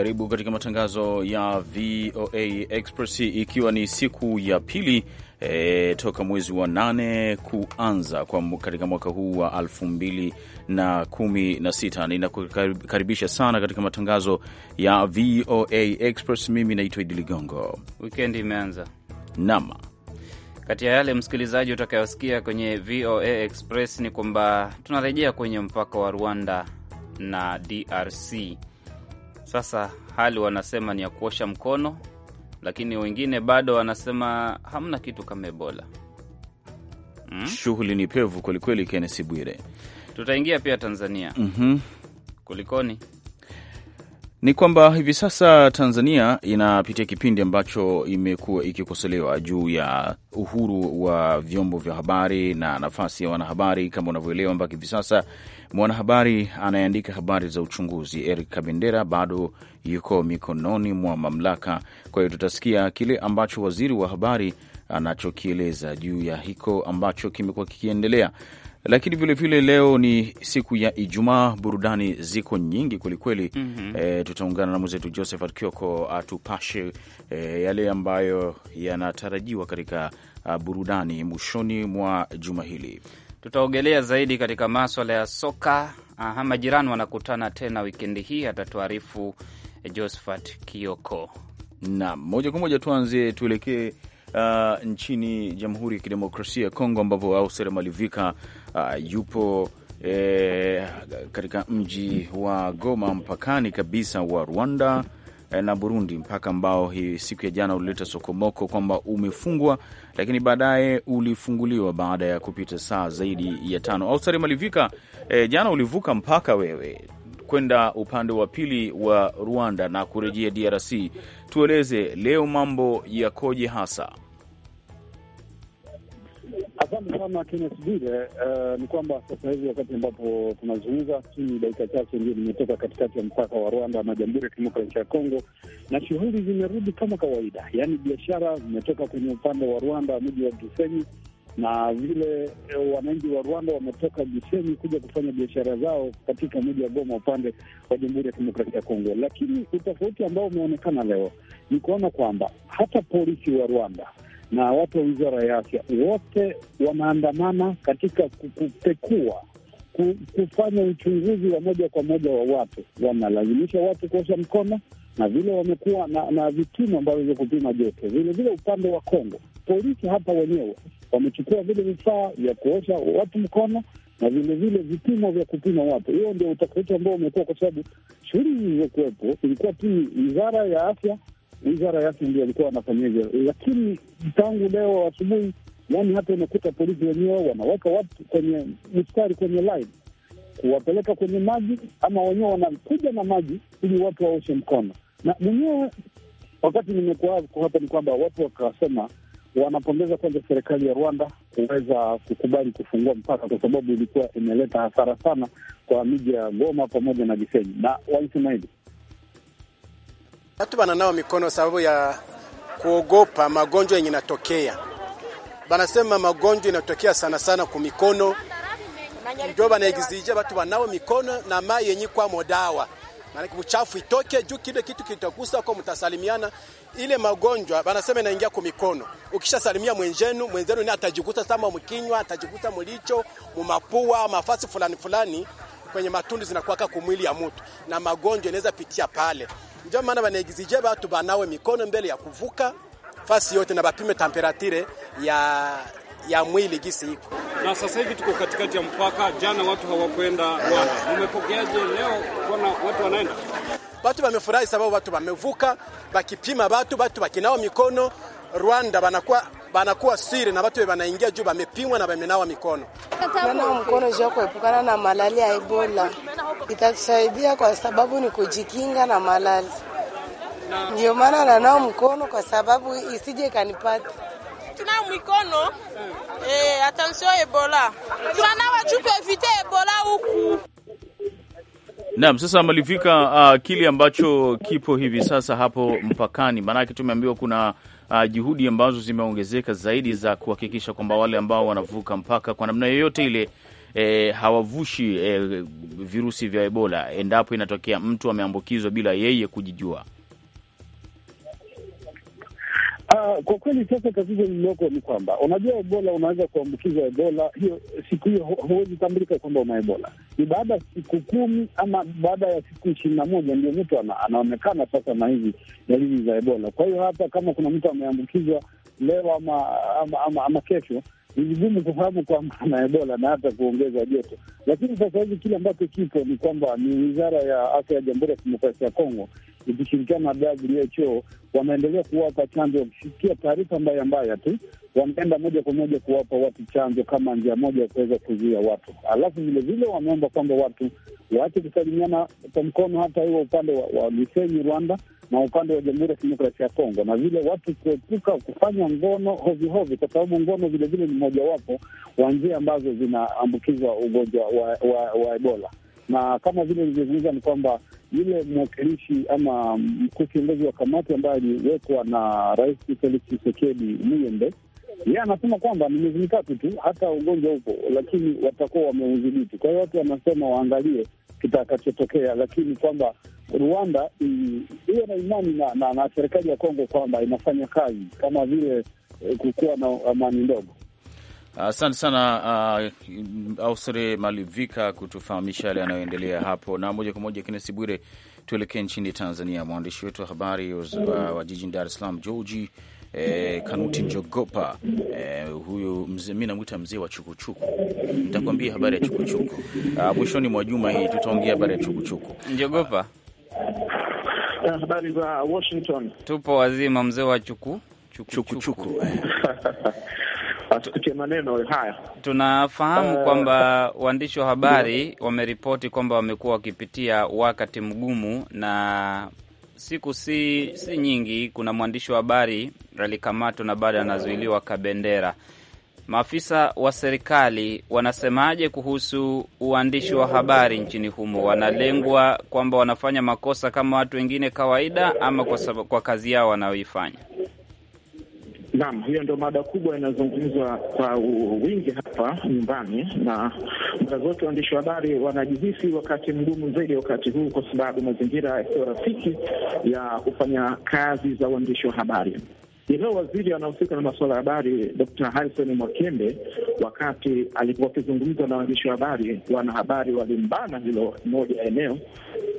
Karibu katika matangazo ya VOA Express, ikiwa ni siku ya pili e, toka mwezi wa nane kuanza kwa katika mwaka huu wa elfu mbili na kumi na sita. Ninakukaribisha sana katika matangazo ya VOA Express. Mimi naitwa Idi Ligongo. Wikendi imeanza nam kati ya yale msikilizaji utakayosikia kwenye VOA Express ni kwamba tunarejea kwenye mpaka wa Rwanda na DRC sasa hali wanasema ni ya kuosha mkono, lakini wengine bado wanasema hamna kitu kama Ebola. Hmm? Shughuli ni pevu kwelikweli. kennesi Bwire, tutaingia pia Tanzania. mm -hmm. Kulikoni? ni kwamba hivi sasa Tanzania inapitia kipindi ambacho imekuwa ikikosolewa juu ya uhuru wa vyombo vya habari na nafasi ya wanahabari. Kama unavyoelewa, mpaka hivi sasa mwanahabari anayeandika habari za uchunguzi Eric Kabendera bado yuko mikononi mwa mamlaka. Kwa hiyo tutasikia kile ambacho waziri wa habari anachokieleza juu ya hiko ambacho kimekuwa kikiendelea, lakini vilevile vile leo ni siku ya Ijumaa, burudani ziko nyingi kwelikweli. mm -hmm. E, eh, tutaungana na mwenzetu Josephat Kioko atupashe e, yale ambayo yanatarajiwa katika ah, burudani mwishoni mwa juma hili. Tutaogelea zaidi katika maswala ya soka. Aha, majirani wanakutana tena wikendi hii, atatuarifu Josephat Kioko. Naam, moja kwa moja tuanze, tuelekee uh, nchini Jamhuri ya Kidemokrasia ya Kongo, ambapo Auser Malivika uh, yupo eh, katika mji wa Goma, mpakani kabisa wa Rwanda eh, na Burundi, mpaka ambao hii siku ya jana ulileta sokomoko kwamba umefungwa, lakini baadaye ulifunguliwa baada ya kupita saa zaidi ya tano. Austari Malivika, eh, jana ulivuka mpaka wewe kwenda upande wa pili wa Rwanda na kurejea DRC. Tueleze leo mambo yakoje hasa? Asante sana Kennes Bwire. Uh, ni kwamba sasa hivi wakati ambapo tunazungumza, chini dakika chache ndio nimetoka katikati ya mpaka wa Rwanda na Jamhuri ya Kidemokrasia ya Kongo, na shughuli zimerudi kama kawaida, yaani biashara zimetoka kwenye upande wa Rwanda, mji wa Gisenyi na vile eh, wananchi wa Rwanda wametoka Gisenyi kuja kufanya biashara zao katika mji wa Goma upande wa Jamhuri ya Kidemokrasia ya Kongo. Lakini utofauti ambao umeonekana leo ni kuona kwamba hata polisi wa Rwanda na watu wa wizara ya afya wote wanaandamana katika kupekua kufanya uchunguzi wa moja kwa moja wa watu, wanalazimisha watu kuosha mkono na vile wamekuwa na, na vipimo ambavyo vya kupima joto. Vilevile upande wa Kongo polisi hapa wenyewe wamechukua vile vifaa vya kuosha watu mkono na vilevile vipimo vya kupima watu. Hiyo ndio utafiti ambao umekuwa, kwa sababu shughuli hii iliyokuwepo ilikuwa tu wizara ya afya, wizara ya afya ndio alikuwa wanafanyia hivyo, lakini tangu leo asubuhi, yani hata unakuta polisi wenyewe wanaweka watu kwenye mstari, kwenye line kuwapeleka kwenye maji, ama wenyewe wanakuja na maji ili watu waoshe mkono. Na mwenyewe wakati nimekuwa hapa ni kwamba watu wakasema wanapongeza kwanza serikali ya Rwanda kuweza kukubali kufungua mpaka, kwa sababu ilikuwa imeleta hasara sana kwa miji ya Goma pamoja na Gisenyi. Na walisema hivi, watu wananawa mikono sababu ya kuogopa magonjwa yenye inatokea. Banasema magonjwa inatokea sana sana mikono ndio banaegizija watu wanao mikono na mai yenye kwamo dawa maanake uchafu itoke juu, kile kitu kitagusa kwa mtasalimiana. Ile magonjwa wanasema inaingia kwa mikono, ukishasalimia mwenzenu, mwenzenu ni atajikuta sama mkinywa, atajikuta mlicho, mumapua, mafasi fulani fulani kwenye matundu zinakuwaka kumwili ya mtu, na magonjwa inaweza pitia pale. Ndio maana wanaigizije watu banawe mikono mbele ya kuvuka fasi yote na bapime temperature ya ya mwili gisi iko na. Sasa hivi tuko katikati ya mpaka, jana watu hawakwenda wapi? Umepokeaje leo kuona watu wanaenda? Watu wamefurahi sababu watu wamevuka, bakipima watu watu wakinao mikono Rwanda banakuwa banakuwa siri na watu wanaingia juu wamepimwa na wamenawa mikono. Nana mkono juu kuepukana na malaria ya Ebola itatusaidia kwa sababu ni kujikinga na malaria, ndio maana nanao mkono kwa sababu isije kanipata tunayo mikono eh, attention Ebola, tunawa juu kuevite Ebola huku. Naam, sasa malifika uh, ah, kile ambacho kipo hivi sasa hapo mpakani, maanake tumeambiwa kuna Uh, juhudi ambazo zimeongezeka zaidi za kuhakikisha kwamba wale ambao wanavuka mpaka kwa namna yoyote ile eh, hawavushi eh, virusi vya Ebola endapo inatokea mtu ameambukizwa bila yeye kujijua. Uh, kwa kweli sasa tatizo lililoko ni kwamba unajua, Ebola unaweza kuambukiza Ebola hiyo siku hiyo, huwezi tambulika kwamba una Ebola. Ni baada ya siku kumi ama baada ya siku ishirini na moja ndio mtu ana, anaonekana sasa na hizi dalili za Ebola. Kwa hiyo hata kama kuna mtu ameambukizwa leo ama, ama, ama, ama kesho ni vigumu kufahamu kwamba ana Ebola na hata kuongeza joto. Lakini sasa hivi kile ambacho kipo ni kwamba ni wizara ya afya ya Jamhuri ya Kidemokrasia ya Kongo ikishirikiana na WHO wanaendelea kuwapa chanjo, wakisikia taarifa mbaya mbaya tu wameenda moja kwa moja kuwapa watu chanjo kama njia moja ya kuweza kuzuia watu. Alafu vilevile wameomba kwamba watu waache kusalimiana kwa mkono, hata hiwo upande wa, wa Gisenyi Rwanda na upande wa Jamhuri ya Kidemokrasia ya Kongo, na vile watu kuepuka kufanya ngono hovihovi, kwa sababu ngono vilevile ni mojawapo wa njia ambazo zinaambukizwa ugonjwa wa, wa, wa Ebola. Na kama vile ilivyozungumza ni kwamba yule mwakilishi ama mkuu kiongozi wa kamati ambaye aliwekwa na Rais Felix chisekedi Muyembe yeye anasema kwamba ni miezi mitatu tu, hata ugonjwa upo, lakini watakuwa wameudhibiti. Kwa hiyo watu wanasema waangalie kitakachotokea, lakini kwamba Rwanda hiyo na imani na, na, na serikali ya Kongo kwamba inafanya kazi kama vile eh, kukuwa na amani ndogo. Asante uh, sana uh, Ausre Malivika kutufahamisha yale yanayoendelea hapo, na moja kwa moja Kenesi Bwire, tuelekee nchini Tanzania. Mwandishi wetu wa habari wa jijini Dar es Salaam Georgi e, Kanuti Njogopa e, huyu mzee, mi namwita mzee wa chukuchuku. Nitakwambia habari ya chukuchuku ah, mwishoni mwa juma hii tutaongea habari ya chukuchuku. Njogopa, eh, habari za Washington? Tupo wazima, mzee wa chuku chukuchuku Tupitie maneno haya. Tunafahamu uh, kwamba waandishi wa habari wameripoti kwamba wamekuwa wakipitia wakati mgumu na siku si, si nyingi, kuna mwandishi wa habari alikamatwa na bado anazuiliwa Kabendera. Maafisa wa serikali wanasemaje kuhusu uandishi wa habari nchini humo? Wanalengwa kwamba wanafanya makosa kama watu wengine kawaida, ama kwa, sababu, kwa kazi yao wanayoifanya? Naam, hiyo ndio mada kubwa inayozungumzwa kwa wingi hapa nyumbani, na mara zote waandishi wa habari wanajihisi wakati mgumu zaidi wakati huu, kwa sababu mazingira yasiyo rafiki ya kufanya kazi za uandishi wa habari. Ileo waziri anahusika na masuala ya habari Dr. Harrison Mwakembe, wakati alikuwa akizungumza na waandishi wa habari, wanahabari walimbana hilo moja ya eneo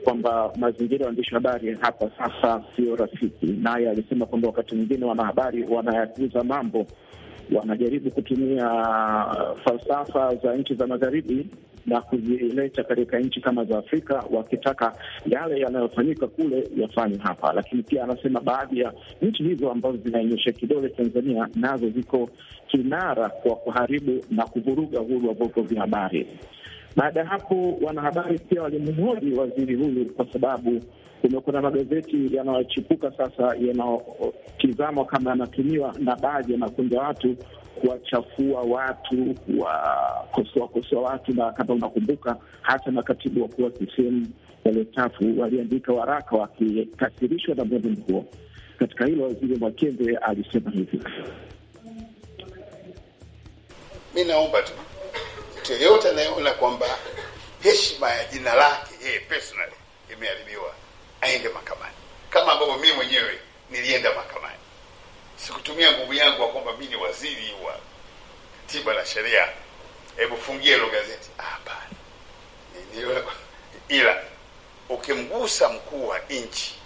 kwamba mazingira ya waandishi wa habari hapa sasa siyo rafiki, naye alisema kwamba wakati mwingine wanahabari wanayatuza mambo wanajaribu kutumia falsafa za nchi za magharibi na kuzileta katika nchi kama za Afrika, wakitaka yale yanayofanyika kule yafanywe hapa. Lakini pia anasema baadhi ya nchi hizo ambazo zinaonyesha kidole Tanzania nazo ziko kinara kwa kuharibu na kuvuruga uhuru wa vyombo vya habari. Baada ya hapo, wanahabari pia walimhoji waziri huyu, kwa sababu kumekuwa na magazeti yanayochipuka sasa yanaotizama kama yanatumiwa na baadhi ya makundi ya watu kuwachafua watu, kuwakosoakosoa watu, na kama unakumbuka, hata makatibu wakuu wa CCM waliostaafu waliandika waraka wakikasirishwa na mwenendo huo. Katika hilo, waziri Mwakembe alisema hivi: mi naomba tu Mtu yeyote anayeona kwamba heshima ya jina lake yeye eh, personally imeharibiwa aende mahakamani, kama ambavyo mimi mwenyewe nilienda mahakamani. Sikutumia nguvu yangu kwamba mimi ni waziri wa katiba na sheria, hebu fungie hilo gazeti. Hapana, ila ukimgusa mkuu wa nchi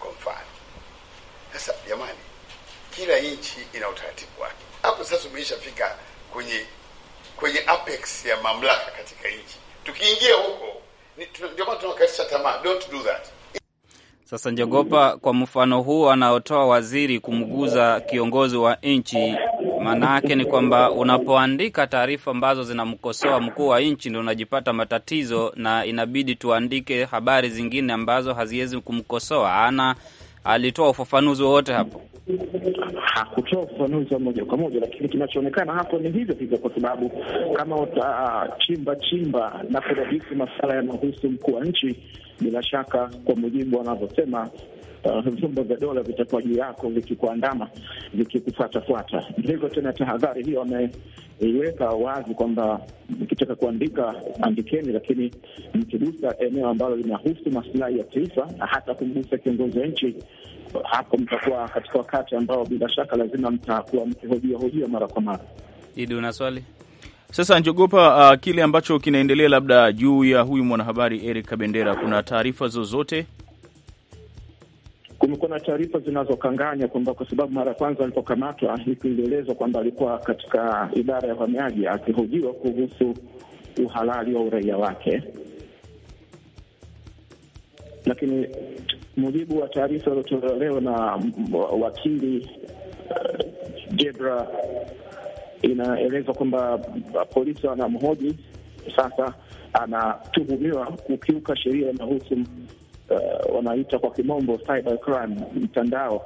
kwa mfano. Sasa jamani, kila nchi ina utaratibu wake. Hapo sasa umeishafika kwenye kwenye apex ya mamlaka katika nchi. Tukiingia huko, ndio maana tunakatisha tamaa. Don't do that. Sasa njogopa, kwa mfano huu anaotoa waziri kumguza kiongozi wa nchi, maana yake ni kwamba unapoandika taarifa ambazo zinamkosoa mkuu wa nchi ndio unajipata matatizo, na inabidi tuandike habari zingine ambazo haziwezi kumkosoa. Ana alitoa ufafanuzi wowote hapo? Hakutoa ufafanuzi wa moja kwa moja, lakini kinachoonekana hapo ni hivyo hivyo, kwa sababu kama watachimba chimba na kudadisi masala yanayohusu mkuu wa nchi, bila shaka, kwa mujibu wanavyosema, vyombo vya dola vitakuwa juu yako vikikuandama vikikufuatafuata. Ndivyo tena tahadhari hiyo wameiweka wazi kwamba mkitaka kuandika andikeni, lakini mkigusa eneo ambalo linahusu masilahi ya taifa na hata kumgusa kiongozi wa nchi, hapo mtakuwa katika wakati ambao bila shaka lazima mtakuwa mkihojia hojia mara kwa mara. Idi, una swali? Sasa njogopa, uh, kile ambacho kinaendelea labda juu ya huyu mwanahabari Eric Kabendera, kuna taarifa zozote na taarifa zinazokanganya kwamba kwa sababu mara ya kwanza alipokamatwa, ilielezwa kwamba alikuwa katika idara ya uhamiaji akihojiwa kuhusu uhalali wa uraia wake, lakini mujibu wa taarifa iliyotolewa leo na wakili eh, Jebra, inaelezwa kwamba polisi wanamhoji sasa, anatuhumiwa kukiuka sheria inahusu uh, wanaita kwa kimombo cyber crime, mtandao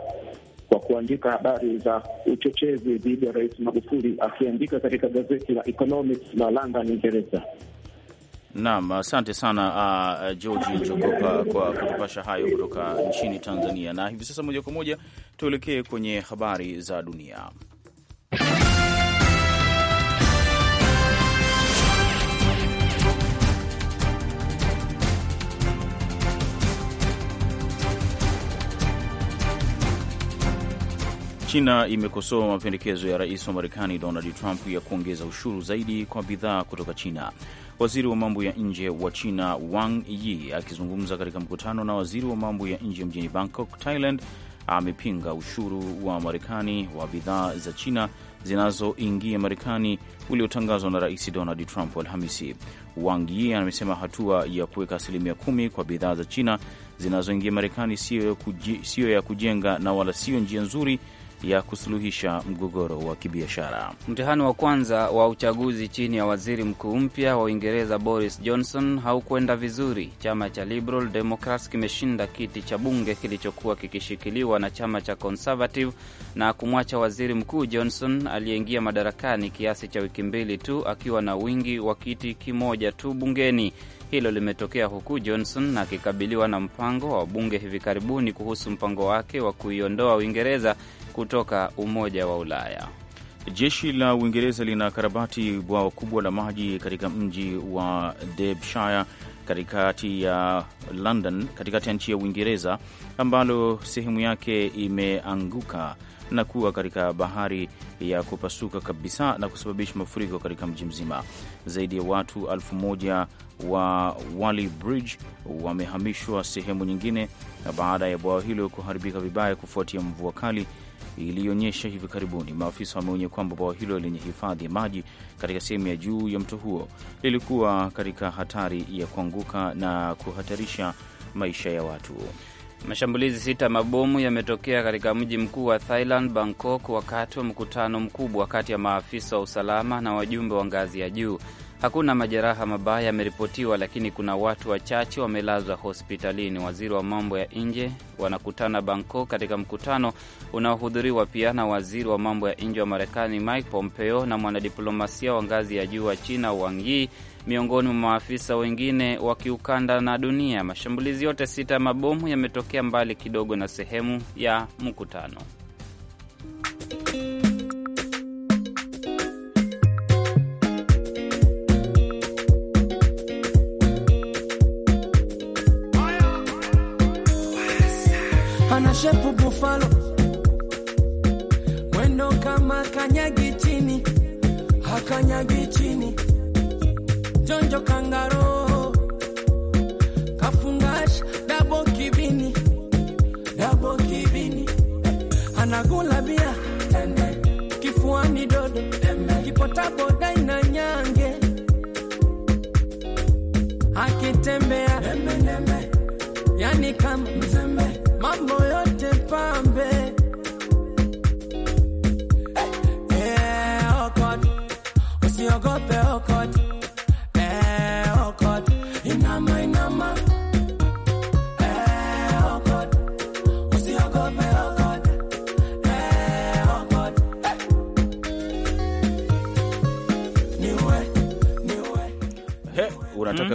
kwa kuandika habari za uchochezi dhidi ya Rais Magufuli, akiandika katika gazeti la Economics la London, Uingereza. Naam, asante sana uh, uh George Jogopa kwa kutupasha hayo kutoka nchini Tanzania. Na hivi sasa moja kwa moja tuelekee kwenye habari za dunia. China imekosoa mapendekezo ya rais wa Marekani Donald Trump ya kuongeza ushuru zaidi kwa bidhaa kutoka China. Waziri wa mambo ya nje wa China Wang Yi akizungumza katika mkutano na waziri wa mambo ya nje mjini Bangkok, Thailand, amepinga ushuru wa Marekani wa bidhaa za China zinazoingia Marekani uliotangazwa na rais Donald Trump Alhamisi. Wang Yi amesema hatua ya kuweka asilimia kumi kwa bidhaa za China zinazoingia Marekani siyo ya kujenga na wala siyo njia nzuri ya kusuluhisha mgogoro wa kibiashara. Mtihani wa kwanza wa uchaguzi chini ya waziri mkuu mpya wa Uingereza Boris Johnson haukwenda vizuri. Chama cha Liberal Democrats kimeshinda kiti cha bunge kilichokuwa kikishikiliwa na chama cha Conservative na kumwacha waziri mkuu Johnson aliyeingia madarakani kiasi cha wiki mbili tu akiwa na wingi wa kiti kimoja tu bungeni. Hilo limetokea huku Johnson akikabiliwa na mpango wa bunge hivi karibuni kuhusu mpango wake wa kuiondoa Uingereza kutoka Umoja wa Ulaya. Jeshi la Uingereza lina karabati bwawa kubwa la maji katika mji wa Derbyshire katikati ya London, katikati ya nchi ya Uingereza, ambalo sehemu yake imeanguka na kuwa katika bahari ya kupasuka kabisa na kusababisha mafuriko katika mji mzima. Zaidi ya watu elfu moja wa Wally Bridge wamehamishwa sehemu nyingine baada ya bwawa hilo kuharibika vibaya kufuatia mvua kali iliyonyesha hivi karibuni, maafisa wameonya kwamba bwawa hilo lenye hifadhi ya maji katika sehemu ya juu ya mto huo lilikuwa katika hatari ya kuanguka na kuhatarisha maisha ya watu. Mashambulizi sita mabomu yametokea katika mji mkuu wa Thailand, Bangkok, wakati wa mkutano mkubwa kati ya maafisa wa usalama na wajumbe wa ngazi ya juu. Hakuna majeraha mabaya yameripotiwa, lakini kuna watu wachache wamelazwa hospitalini. Waziri wa mambo ya nje wanakutana Bangkok katika mkutano unaohudhuriwa pia na waziri wa mambo ya nje wa Marekani Mike Pompeo na mwanadiplomasia wa ngazi ya juu wa China Wang Yi, miongoni mwa maafisa wengine wa kiukanda na dunia. Mashambulizi yote sita ya mabomu yametokea mbali kidogo na sehemu ya mkutano. ana shepu bufalo, mwendo kama kanyagi chini, hakanyagi chini, jonjo kangaro kafungash dabo kibini, dabo kibini, anagula bia kifuani dodo kipotabo daina nyange akitembea yani kama mambo yote pambe eh, eh, okote oh usiogope oh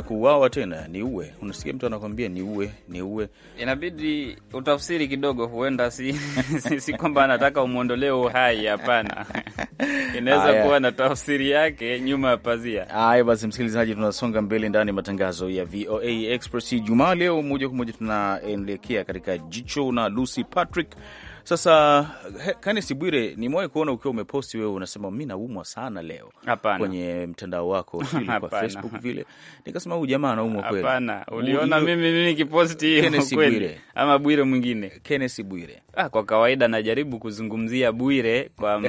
kuuawa tena, ni uwe. Unasikia mtu anakwambia ni uwe, ni uwe, inabidi utafsiri kidogo, huenda si, si, si kwamba anataka umwondolee uhai. Hapana, inaweza kuwa na tafsiri yake nyuma ya pazia. Haya basi, msikilizaji, tunasonga mbele ndani ya matangazo ya VOA Express Jumaa leo. Moja kwa moja tunaelekea katika jicho na Lucy Patrick sasa Kenneth Bwire, nimewahi kuona ukiwa umeposti wewe unasema mi naumwa sana leo. Hapana. kwenye mtandao wako kwa Facebook vile, nikasema huyu jamaa anaumwa kweli? Hapana, uliona mimi mimi kiposti hiyo kweli, ama Bwire mwingine Kenneth Bwire? Ah, kwa kawaida najaribu kuzungumzia Bwire kwa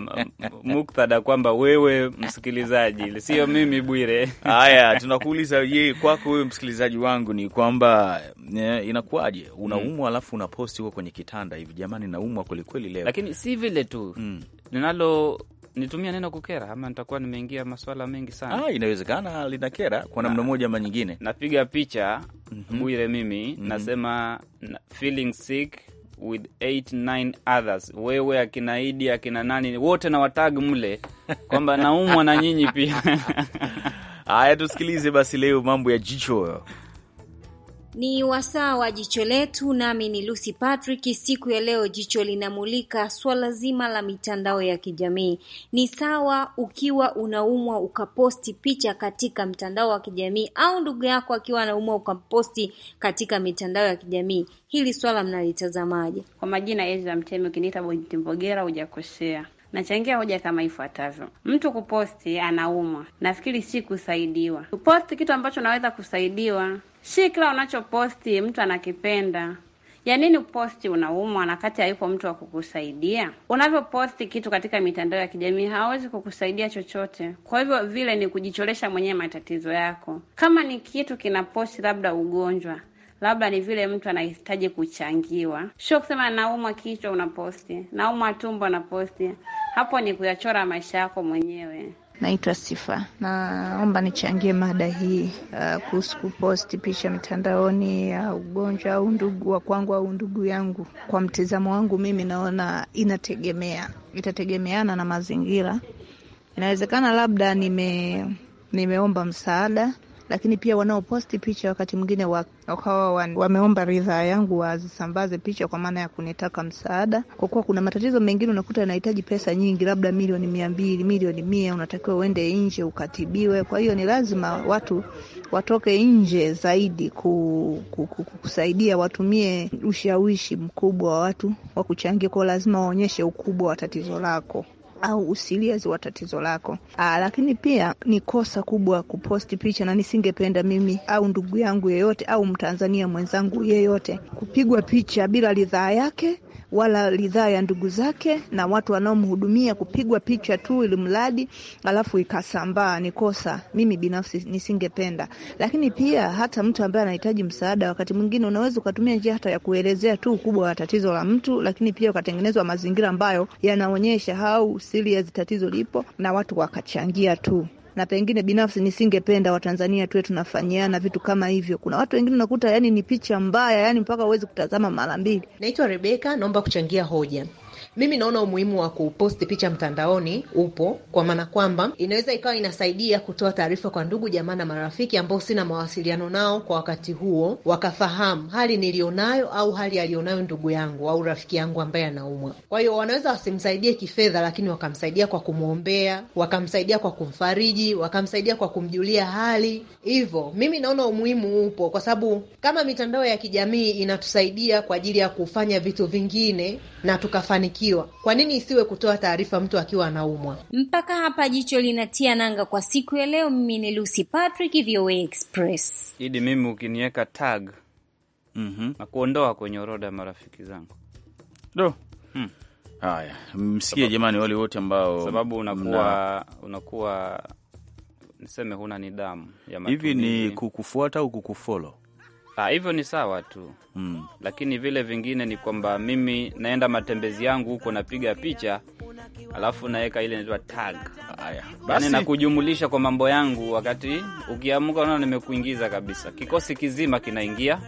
muktadha kwamba wewe msikilizaji, sio mimi Bwire. Haya, tunakuuliza je, kwako wewe msikilizaji wangu ni kwamba eh, inakuwaje, unaumwa mm. alafu unaposti huko kwenye kitanda hivi, jamani naumwa kwelikweli leo, lakini si vile tu mm. linalo nitumia neno kukera ama nitakuwa nimeingia maswala mengi sana. Ah, inawezekana linakera kwa namna moja ama nyingine. Napiga picha mm -hmm. Bwire mimi mm -hmm. nasema feeling sick with 89 others, wewe akinaidi akina nani wote na watag mle kwamba naumwa na nyinyi pia. Haya, tusikilize basi leo mambo ya jicho ni wasaa wa jicho letu, nami ni Lucy Patrick. Siku ya leo jicho linamulika swala zima la mitandao ya kijamii. Ni sawa ukiwa unaumwa ukaposti picha katika mtandao wa kijamii, au ndugu yako akiwa anaumwa ukaposti katika mitandao ya kijamii. Hili swala mnalitazamaje? Kwa majina Ezra Mtemi, ukiniita Binti hujakosea. Nachangia hoja kama ifuatavyo: mtu kuposti anaumwa, nafikiri si kusaidiwa. Kuposti kitu ambacho unaweza kusaidiwa, si kila unachoposti mtu anakipenda. Ya nini uposti unaumwa na kati hayupo mtu wa kukusaidia? Unavyoposti kitu katika mitandao ya kijamii hawezi kukusaidia chochote, kwa hivyo vile ni kujicholesha mwenyewe matatizo yako. Kama ni kitu kinaposti labda ugonjwa labda ni vile mtu anahitaji kuchangiwa, sio kusema naumwa kichwa unaposti, naumwa tumbo unaposti, hapo ni kuyachora maisha yako mwenyewe. Naitwa Sifa, naomba nichangie mada hii uh, kuhusu kuposti picha mitandaoni ya uh, ugonjwa au ndugu wa kwangu au ndugu yangu. Kwa mtizamo wangu mimi naona inategemea, itategemeana na mazingira. Inawezekana labda nime nimeomba msaada lakini pia wanaoposti picha wakati mwingine wakawa wameomba ridhaa yangu wazisambaze picha kwa maana ya kunitaka msaada, kwa kuwa kuna matatizo mengine unakuta yanahitaji pesa nyingi, labda milioni mia mbili, milioni mia, unatakiwa uende nje ukatibiwe. Kwa hiyo ni lazima watu watoke nje zaidi ku, ku, ku, kusaidia, watumie ushawishi mkubwa wa watu wa kuchangia, kwa lazima waonyeshe ukubwa wa tatizo lako au usiliezi wa tatizo lako. Aa, ah, lakini pia ni kosa kubwa kuposti picha, na nisingependa mimi au ndugu yangu yeyote au Mtanzania mwenzangu yeyote kupigwa picha bila ridhaa yake wala ridhaa ya ndugu zake na watu wanaomhudumia, kupigwa picha tu ili mradi alafu ikasambaa, ni kosa. Mimi binafsi nisingependa, lakini pia hata mtu ambaye anahitaji msaada, wakati mwingine unaweza ukatumia njia hata ya kuelezea tu ukubwa wa tatizo la mtu, lakini pia ukatengenezwa mazingira ambayo yanaonyesha siri ya tatizo lipo na watu wakachangia tu na pengine binafsi nisingependa Watanzania tuwe tunafanyiana vitu kama hivyo. Kuna watu wengine unakuta yani ni picha mbaya, yani mpaka uwezi kutazama mara mbili. Naitwa Rebeka, naomba kuchangia hoja. Mimi naona umuhimu wa kuposti picha mtandaoni upo, kwa maana kwamba inaweza ikawa inasaidia kutoa taarifa kwa ndugu jamaa na marafiki ambao sina mawasiliano nao kwa wakati huo, wakafahamu hali nilionayo au hali aliyonayo ndugu yangu au rafiki yangu ambaye anaumwa. Kwa hiyo wanaweza wasimsaidie kifedha, lakini wakamsaidia kwa kumwombea, wakamsaidia kwa kumfariji, wakamsaidia kwa kumjulia hali. Hivyo mimi naona umuhimu upo, kwa sababu kama mitandao ya kijamii inatusaidia kwa ajili ya kufanya vitu vingine na tukafanikiwa kufanikiwa. Kwa nini isiwe kutoa taarifa mtu akiwa anaumwa? Mpaka hapa jicho linatia nanga kwa siku ya leo. Mimi ni Lucy Patrick, VOA Express. Idi, mimi ukiniweka tag mm -hmm. na kuondoa kwenye orodha ya marafiki zangu do hmm. Haya, msikie jamani, wale wote ambao sababu unakuwa unakuwa niseme huna nidhamu ya matumizi. Hivi ni kukufuata au kukufolo? Ah, hivyo ni sawa tu mm. Lakini vile vingine ni kwamba mimi naenda matembezi yangu huko, napiga picha alafu naweka ile inaitwa tag, yani nakujumulisha kwa mambo yangu. Wakati ukiamka unaona nimekuingiza kabisa, kikosi kizima kinaingia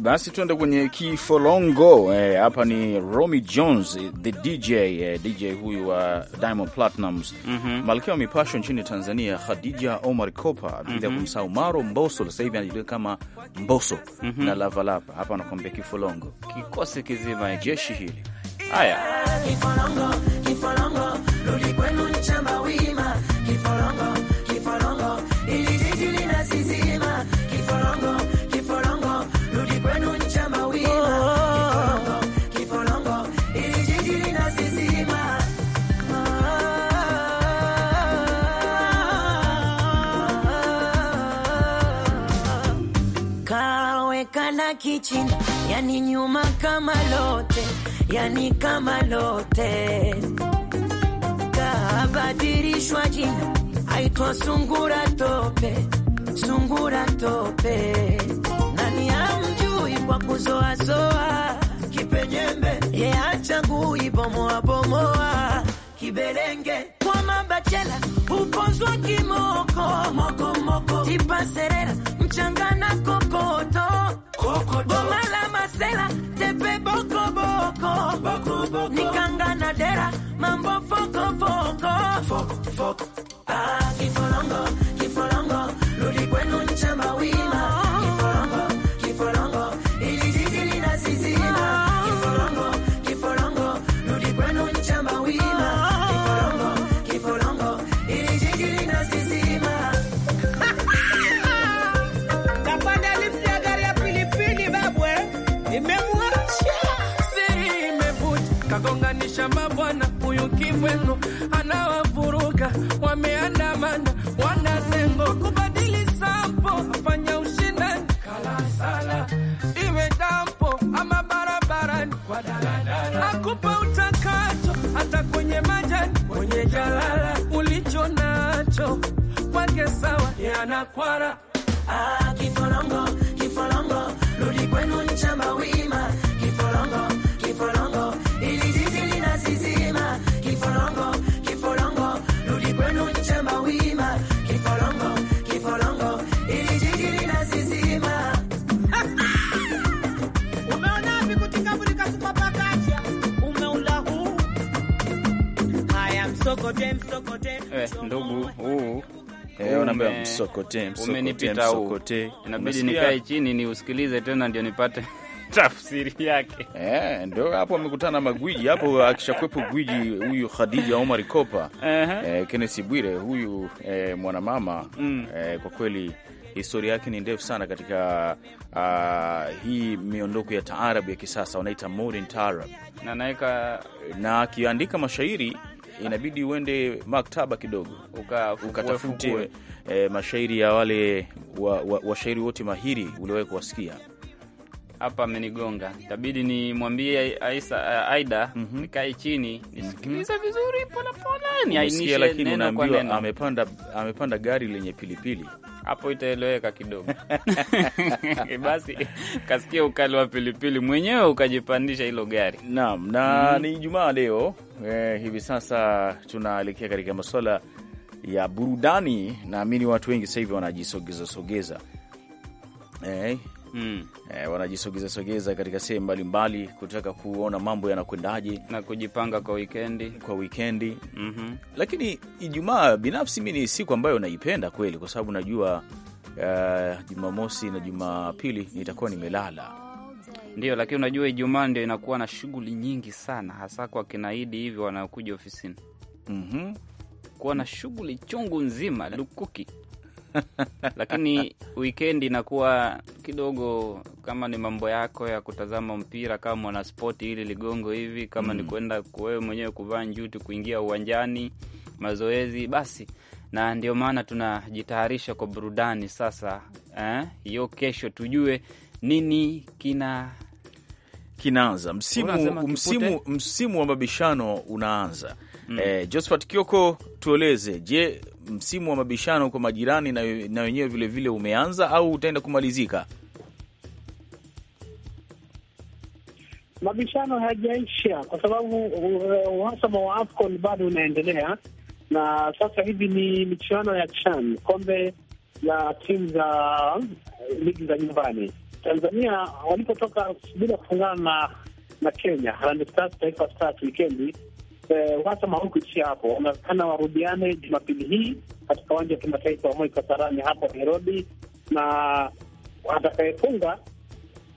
basi tuende kwenye kifolongo eh, hapa. Eh, ni Romy Jones the DJ eh, DJ huyu wa uh, Diamond Platnumz mm -hmm. malkia wa mipasho nchini Tanzania Khadija Omar Kopa bila mm -hmm. kumsahau Maro Mboso, sasa hivi anajulikana kama Mboso mm -hmm. na Lavalapa. Hapa anakuambia kifolongo kikosi kizima ya jeshi hili haya kifolongo, kifolongo, chinda, yani nyuma kama lote, yani kama lote. Kabadilishwa jina, aitwa sungura tope, sungura tope. Nani amjui kwa kuzoazoa kipenyembe, ye achagui bomoa bomoa kibelenge kwa mabachela uponzwa kimoko moko moko tipa serera mchanga na kokoto Bomala masela tepe dera foko foko, foko, Ah, kifolongo kifolongo rudi kwenu nchamba wima wenu anawavuruga, wameandamana, wanasengo kubadili sampo, afanya ushindani kalasala iwe dampo ama barabarani kwa daladala, akupa utakacho hata kwenye majani, kwenye jalala ulicho nacho kwake sawa yanakwara ah. ume, msokote, msokote, umenipita huu, inabidi nikae chini niusikilize tena ndio nipate tafsiri yake. Eh, ndio hapo amekutana magwiji hapo. Akishakwepo gwiji huyu Khadija Omar Kopa uh -huh. eh, Kenneth Bwire huyu eh, mwanamama mm. eh, kwa kweli historia yake ni ndefu sana katika uh, hii miondoko ya taarabu ya kisasa wanaita modern taarab, na akiandika mashairi inabidi uende maktaba kidogo ukatafute uka e, mashairi ya wale washairi wa, wa wote mahiri uliwahi kuwasikia hapa amenigonga, itabidi nimwambie Aisa, eh, Aida mm -hmm. nikae chini nisikilize mm -hmm. vizuri polepole, niainishe neno kwa neno. Amepanda, amepanda gari lenye pilipili hapo itaeleweka kidogo. Eh, basi kasikia ukali wa pilipili mwenyewe ukajipandisha hilo gari. Naam, na mm. ni jumaa leo eh, hivi sasa tunaelekea katika masuala ya burudani. Naamini watu wengi sasa hivi wanajisogeza sogeza eh, mm. eh, wanajisogeza sogeza katika sehemu mbalimbali kutaka kuona mambo yanakwendaje na kujipanga kwa wikendi kwa wikendi mm -hmm. Lakini Ijumaa binafsi mi ni siku ambayo naipenda kweli, kwa sababu najua uh, Jumamosi na Jumapili nitakuwa nimelala ndio, lakini unajua Ijumaa ndio inakuwa na shughuli nyingi sana, hasa kwa kinaidi hivyo wanaokuja ofisini mm -hmm. kuwa na shughuli chungu nzima lukuki lakini wikendi inakuwa kidogo, kama ni mambo yako ya kutazama mpira kama mwanaspoti ili ligongo hivi, kama mm. ni kwenda wewe mwenyewe kuvaa njuti, kuingia uwanjani, mazoezi, basi na ndio maana tunajitayarisha kwa burudani sasa eh, hiyo eh, kesho tujue nini kina kinaanza msimu, msimu, msimu wa mabishano unaanza. mm. Eh, Josephat Kioko, tueleze, je, msimu wa mabishano kwa majirani na wenyewe vilevile umeanza au utaenda kumalizika? Mabishano hayajaisha kwa sababu uh, uhasama wa AFCON bado unaendelea, na sasa hivi ni michuano ya CHAN, kombe la timu za uh, ligi za nyumbani. Tanzania walipotoka bila kufungana na na Kenya, Harambee Stars, Taifa Stars wikendi uhasama eh, huu kuishia hapo, wanaonekana warudiane Jumapili hii katika uwanja wa kimataifa wa Moi Kasarani hapo Nairobi, na atakayefunga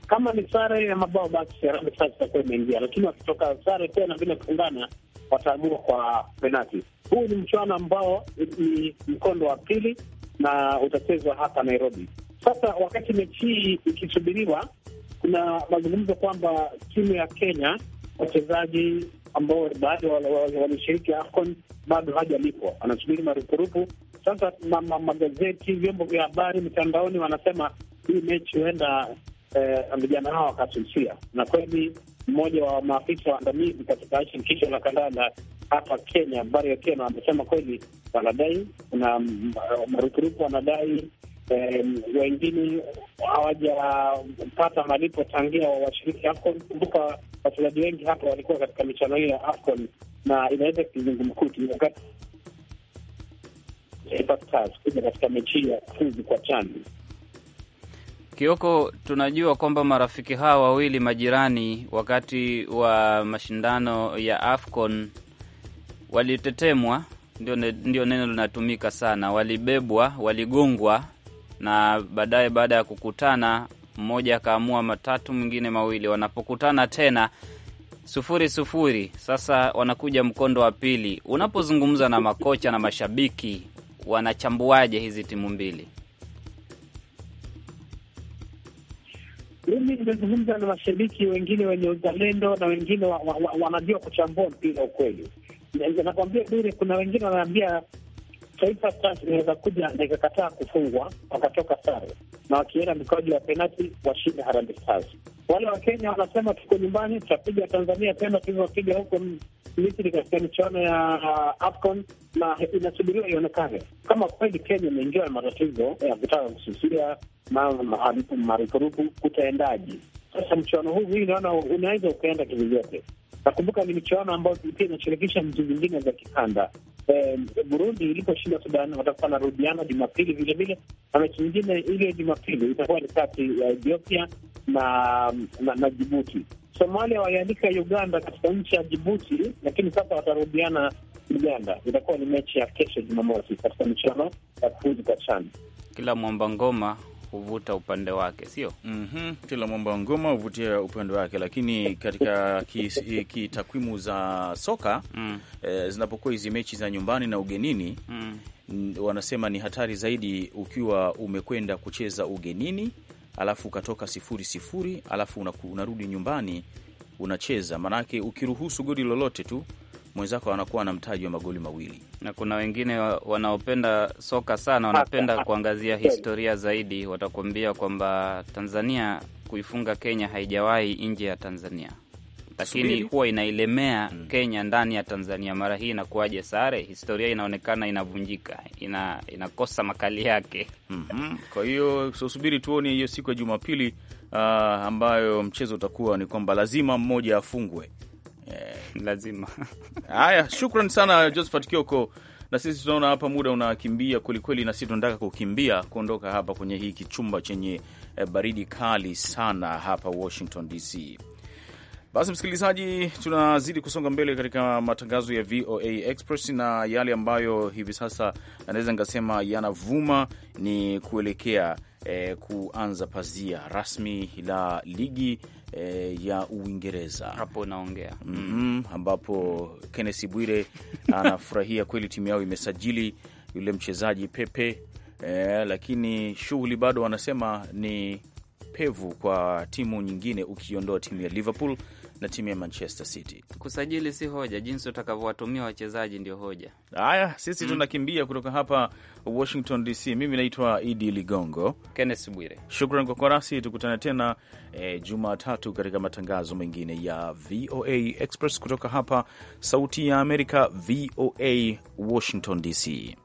kama ni sare ya mabao basi Harambee Stars itakuwa imeingia, lakini wakitoka sare pia na vile kufungana wataamua kwa penati. Huu ni mchuano ambao ni mkondo wa pili na utachezwa hapa Nairobi. Sasa wakati mechi hii ikisubiriwa, kuna mazungumzo kwamba timu ya Kenya wachezaji ambao baadhi walishiriki AFCON bado hajalipwa, anasubiri marupurupu. Sasa ma, ma, magazeti, vyombo vya habari, mitandaoni wanasema hii mechi huenda eh, vijana eh, hao wakasusia, na kweli mmoja wa maafisa waandamizi katika shirikisho la kandanda hapa Kenya, Barry Otieno, amesema kweli wanadai kuna mm, marupurupu, wanadai eh, wengine hawajapata malipo tangia washiriki AFCON. Kumbuka wachezaji wengi hapa walikuwa katika michuano hiyo ya AFCON na inaweza kizungumkuti wakati kuja katika mechi hii ya kufuzu kwa chani Kioko, tunajua kwamba marafiki hawa wawili majirani, wakati wa mashindano ya AFCON walitetemwa, ndio, ndio neno linatumika sana, walibebwa, waligongwa na baadaye, baada ya kukutana mmoja akaamua matatu, mwingine mawili, wanapokutana tena sufuri sufuri. Sasa wanakuja mkondo wa pili. Unapozungumza na makocha na mashabiki, wanachambuaje hizi timu mbili? Mimi nimezungumza na mashabiki wengine wenye uzalendo na wengine wanajua wa, wa, wa kuchambua mpira ukweli. Nakwambia bure, kuna wengine wanaambia Taifa Stars inaweza kuja na ikakataa kufungwa wakatoka sare na wakienda mikwaju ya penati washinde Harambee Stars. Wale wa Kenya wanasema tuko nyumbani, tutapiga Tanzania tena tulivyopiga huko Misri katika michuano ya uh, AFCON na inasubiriwa ionekane kama kweli Kenya imeingiwa na matatizo ya kutaka kususia marupurupu, kutaendaji Sasa mchuano huu hii naona unaweza ukaenda kivyovyote. Nakumbuka ni michuano ambayo pia inashirikisha nchi zingine za kikanda. E, Burundi iliposhinda Sudan watakuwa na rudiana Jumapili vilevile, na mechi nyingine ile Jumapili itakuwa ni kati ya Ethiopia na na, na Jibuti. Somalia waliandika Uganda katika nchi ya Jibuti, lakini sasa watarudiana Uganda. Itakuwa ni mechi ya kesho Jumamosi katika michuano ya kufuzu kwa CHAN. Kila mwamba ngoma kuvuta upande wake, sio mm -hmm. Kila mwamba wa ngoma huvutia upande wake, lakini katika kitakwimu ki za soka mm. eh, zinapokuwa hizi mechi za nyumbani na ugenini mm. wanasema ni hatari zaidi ukiwa umekwenda kucheza ugenini alafu ukatoka sifuri sifuri alafu unarudi nyumbani unacheza, maanake ukiruhusu goli lolote tu mwenzako anakuwa na mtaji wa magoli mawili. Na kuna wengine wanaopenda soka sana, wanapenda kuangazia historia zaidi, watakuambia kwamba Tanzania kuifunga Kenya haijawahi nje ya Tanzania, lakini huwa inailemea hmm, Kenya ndani ya Tanzania. Mara hii inakuwaje sare? Historia inaonekana inavunjika, ina, inakosa makali yake mm -hmm. Kwa hiyo sosubiri tuone hiyo siku ya Jumapili uh, ambayo mchezo utakuwa ni kwamba lazima mmoja afungwe lazima. Haya, shukran sana Josephat Kioko. Na sisi tunaona hapa muda unakimbia kwelikweli, na sisi tunataka kukimbia kuondoka hapa kwenye hiki chumba chenye eh, baridi kali sana hapa Washington DC. Basi msikilizaji, tunazidi kusonga mbele katika matangazo ya VOA Express, na yale ambayo hivi sasa anaweza nikasema yanavuma ni kuelekea eh, kuanza pazia rasmi la ligi eh, ya Uingereza hapo naongea mm -hmm, ambapo kennesi Bwire anafurahia kweli timu yao imesajili yule mchezaji Pepe eh, lakini shughuli bado wanasema ni pevu kwa timu nyingine ukiondoa timu ya Liverpool na timu ya Manchester City. Kusajili si hoja, jinsi utakavyowatumia wachezaji ndio hoja. Haya, sisi mm, tunakimbia kutoka hapa Washington DC. Mimi naitwa Idi Ligongo, Kenneth Bwire, shukran kwa kuwa nasi. Tukutane tena e, Jumatatu katika matangazo mengine ya VOA Express kutoka hapa Sauti ya Amerika, VOA Washington DC.